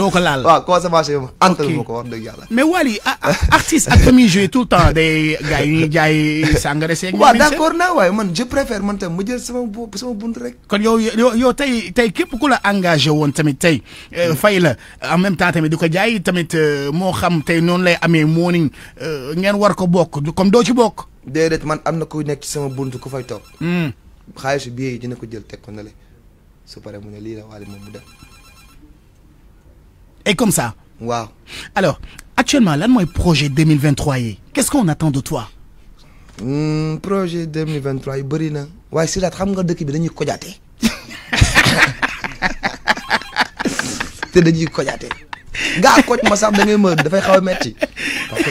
doo ko laal waaw consommation yi antal ma ko wax dëgg yàlla mais Wally artiste ak famille joué tout le temps day gars yi ñuy jaay eu seeg waaw d'accord naa waaye man je préfère man tam ma jël sama bopp sama bunt rek kon yow yow tey tey képp ku la engagé woon tamit tey euh, mm. fay la en même temps tamit di ko jaay tamit euh, moo xam tey noonu lay amee morning euh, ngeen war ko bokk comme doo ci bokk déedéet man am na ku nekk ci sama bunt ku fay toog mm. xaalisu billet dina ko jël teg ko na le su paree mu ne lii la Wally moom mu et comme ça. Wow. alors actuellement là, le projet 2023 qu'est-ce qu'on attend de toi. Hmm, projet 2023 yi bëri na c'est la trame de qui est dañuy kojaate te dañuy kojaate Garde, Gars, ma sax da ngay mën dafay xaw un metti parce que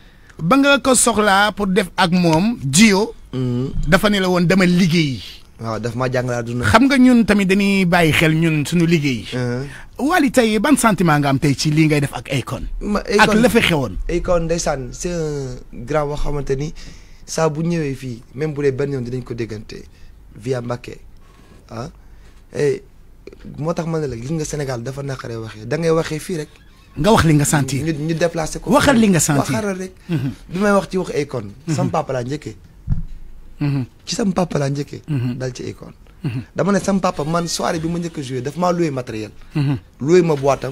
ba nga ko soxlaa pour def ak moom jiyo mm-hmm. dafa ne la woon dama liggéey. waaw daf ma jàngal àdduna xam nga ñun tamit dañuy bàyyi xel ñun suñu liggéey. Uh-huh. walli tey ban sentiment nga am tey ci lii ngay def ak Akon. ak la fa xewoon. Akon ndeysaan c'est un grand boo xamante ni saa bu ñëwee fii même bu dee benn yoon dinañ ko déggante via Mbacké ah? eh, moo tax ma ne la gis nga Sénégal dafa naqaree waxee da ngay waxee fii rek. nga wax li nga sentir ñu ñu ko. waxal li nga sentir waxal rek. Mhm. bi may wax ci wax Akon. sam mhm. papa laa njëkkee. Mhm. ci sam papa laa njëkkee. dal ci Akon. dama ne sam papa man soirée bi ma njëkk a joué daf maa loué matériel. loué ma boîte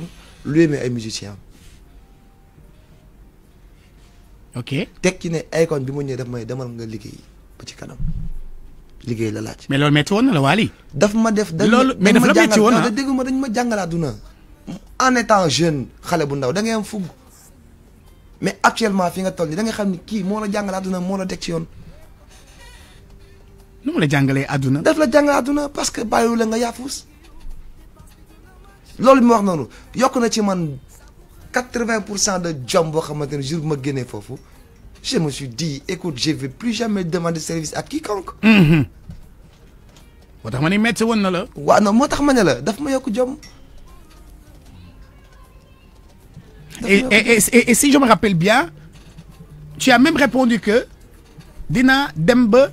ci ne Akon bi ma ñëwee may demal nga liggéey ba ci kanam. liggéey la laaj. mais loolu métti woon na la Wally. daf ma def. loolu mais dafa la métti woon daf ma jàngal dégg ma dañ ma jàngal en étant jeune xalé bu ndaw da ngay am fugg mais actuellement fi nga toll nii da nga xamni ki mo la jàngale aduna mo la tek ci yoon. nu mo la jangalé aduna daf la jàngale aduna parce que bàyyiwu la nga yaafus lolou mu wax noonu yokk na ci man 80% de jom bo xamante jour ma guéné fofu je me suis dit écoute je vais plus jamais demander service à quiconque. Mhm. moo -hmm. motax ne metti won na la. wa non motax tax la daf ma yokk jom. Et, si je me rappelle bien, tu as même répondu que dina Dembe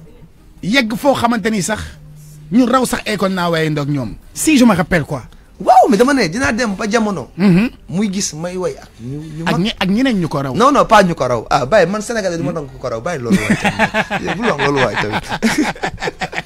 Yegfo yegg foo xamante sax si je me rappelle quoi. waouh mais Dina dem mhm. gis may way non non pas ah man Sénégalais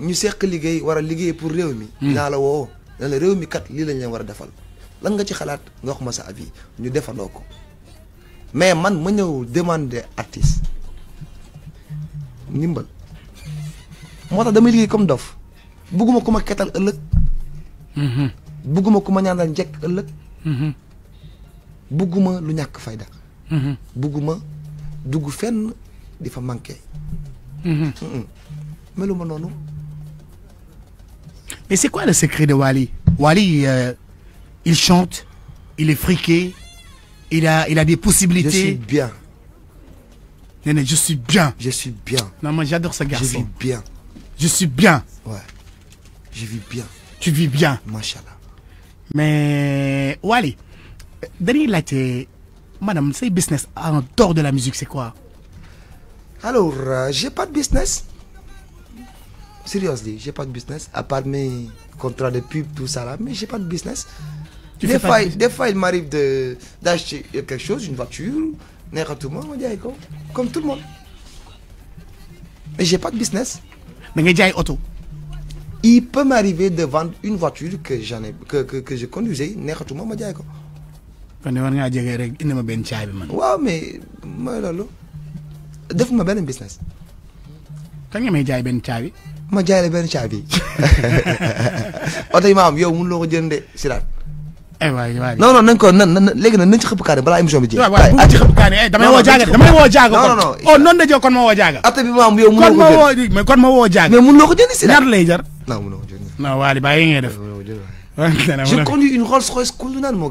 ñu seq liggéey wara liggéey pour réew mi hmm. naa la woo na la réew mi kat lii lañ leen war a defal lan nga ci xalaat nga wax ma sa avis ñu defaloo ko mais man ma ñëw demander artiste ndimbal moo tax damay liggéey comme dof bugguma ku ma ketal ëllëg hmm. bugguma ku ma ñaanal njekk ëllëg hmm. bugguma lu ñàkk fayda bugguma dugg fenn di fa manqué ma noonu Et c'est quoi le secret de Wally Wally, euh, il chante, il est friqué, il a, il a des possibilités. Je suis bien. je suis bien. Je suis bien. Non, moi j'adore ce garçon. Je vis bien. Je suis bien. Ouais. Je vis bien. Tu vis bien. Machallah. Mais Wally, Daniel Laté, madame, c'est business en dehors de la musique, c'est quoi Alors, euh, j'ai pas de business. Seriously, j'ai pas de business, à part mes contrats de pub, tout ça là, mais j'ai pas de business. Tu des, fois, de... des fois, il m'arrive de d'acheter quelque chose, une voiture, n'importe comment, on dit, comme tout le monde. Mais j'ai pas de business. Mais j'ai auto. Il peut m'arriver de vendre une voiture que j'en ai, que, que, que je conduisais, n'importe comment, on dit, kon ne war ngaa jege rek indi ma benn caay bi man. waaw mais mooy loolu. def ma benn business. kan nga may dit ben caay bi. ma jaay la benn caabi oto yi ma am yow mënuloo ko jëndee Sidath. Eh, ay waay waay non non nañ ko nan nan léegi nag nañ ci xëpp kaane balaa émission bi jeex. waaw waaw bu ci xëpp kaane eh, jaaga damay woo jaaga oh, kon. ma woo jaaga. bi ma yow mënuloo ko jënd kon ma woo mais kon ma woo jaaga. mais mënuloo ko jënd Sidath ñaar lay jar. non mënuloo ko jënd. non Waly bàyyi ngay def. J'ai conduit une Rolls-Royce Kulunan, mon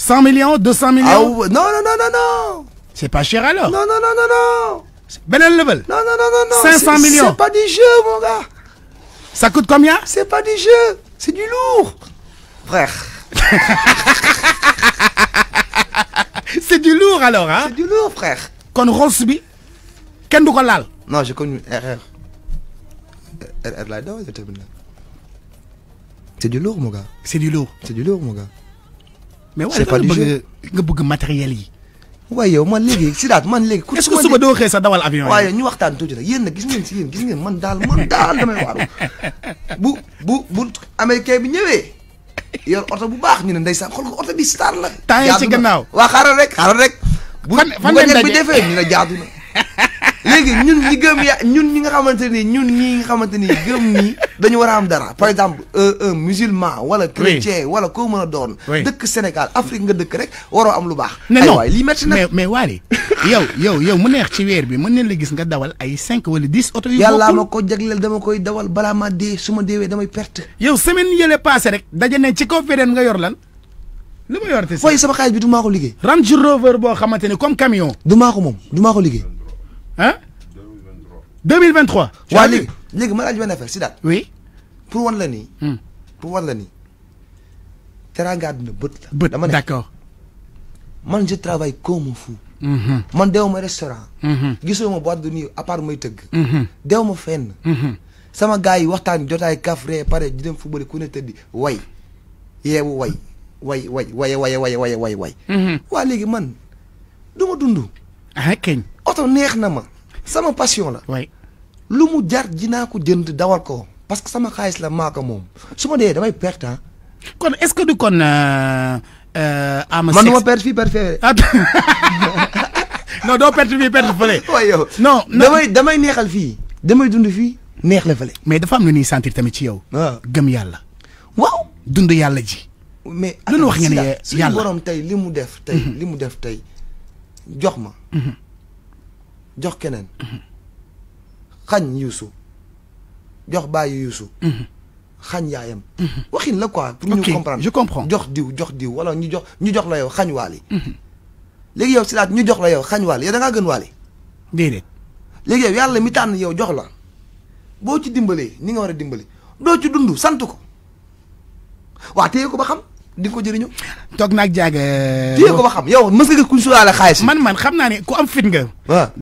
100 millions 200 millions ah, non non non non non c'est pas cher alors non non non non non elle ben level non non non non non 500 millions c'est pas du jeu mon gars ça coûte combien c'est pas du jeu c'est du lourd frère c'est du lourd alors hein c'est du lourd frère kon Rolls bi quand on non j'ai connu RR RR c'est du lourd mon gars c'est du lourd c'est du lourd mon gars mais waaye da nga bëgg nga bëgg matériel yi. waaye yow man si Sidaat man léegi. ku est ce que suba doo xëy sa dawal avion waaye ñu waxtaan tuuti rek yéen nag gis ngeen si yéen gis ngeen man daal man daal damay waaru bu bu bu américain bi ñëwee. yor oto bu baax ñu ne ndeysaan xool ko oto bi star la. temps yi ci gannaaw waa xaaral rek xaaral rek. fan fan bu bu bi defee na ne jaadu na. léegi ñun ñi gëm ya ñun ñi nga xamante ni ñun ñi nga xamante ni gëm nii dañu wara am dara par exemple euh, un musulman wala chrétien wala ko mën doon dëkk Sénégal Afrique nga dëkk rek waro am lu baax ay non lii métti na mais wali yow yow yow mu neex ci weer bi mën nañ la gis nga dawal ay 5 wala 10 auto yu bokkul ma ko jagleel dama koy dawal bala ma dé suma déwé deewee damay perte yow semaine yele passé rek daje ne ci conférence nga yor lan li yor sama xaalis bi du maa ko liggéey Range Rover bo xamante comme camion du maa ko moom du maa ko liggéey hein 2023. ça. oui pour wan la hmm. pour wan la Tu d'accord. je travaille comme un fou. Hmm. man deew ma restaurant. suis hmm. ma boîte de nuit à part may tëgg. deew ma fenn. sama gars yi suis dem football du Je ah, Oui sama passion la. Oui. lu mu jar dina ko jënd dawal parce que sama la mom suma que damay perte hein. kon est-ce que du kon. Euh, euh, man du perte fi perte non do perte fi perte non damay damay neexal la damay dund vais neex la femme mais dafa am lu sentir tamit ci yow. Ah. dund ji. mais lu wax ngeen borom def. Mhm. def jox mhm. jox keneen xañ yuusu jox bàyyi yuusu xañ yaayam waxin la quoi pour ñu comprendre je jox diw jox diw wala ñu jox ñu jox la yow xañ waali mhm. léegi yow si laat ñu jox la yow xañ waali yow da ngaa gën waali déedéet léegi yow yàlla mi tànn yow jox la boo ci dimbalee ni nga war a dimbali doo ci sant ko waa téye ko ba xam di nga ko jëriñoo. toog naag jaaga. téye ko euh, ba xam yow mës nga gis ku ñu sóoraale xaalis. man man xam naa ne am fit nga.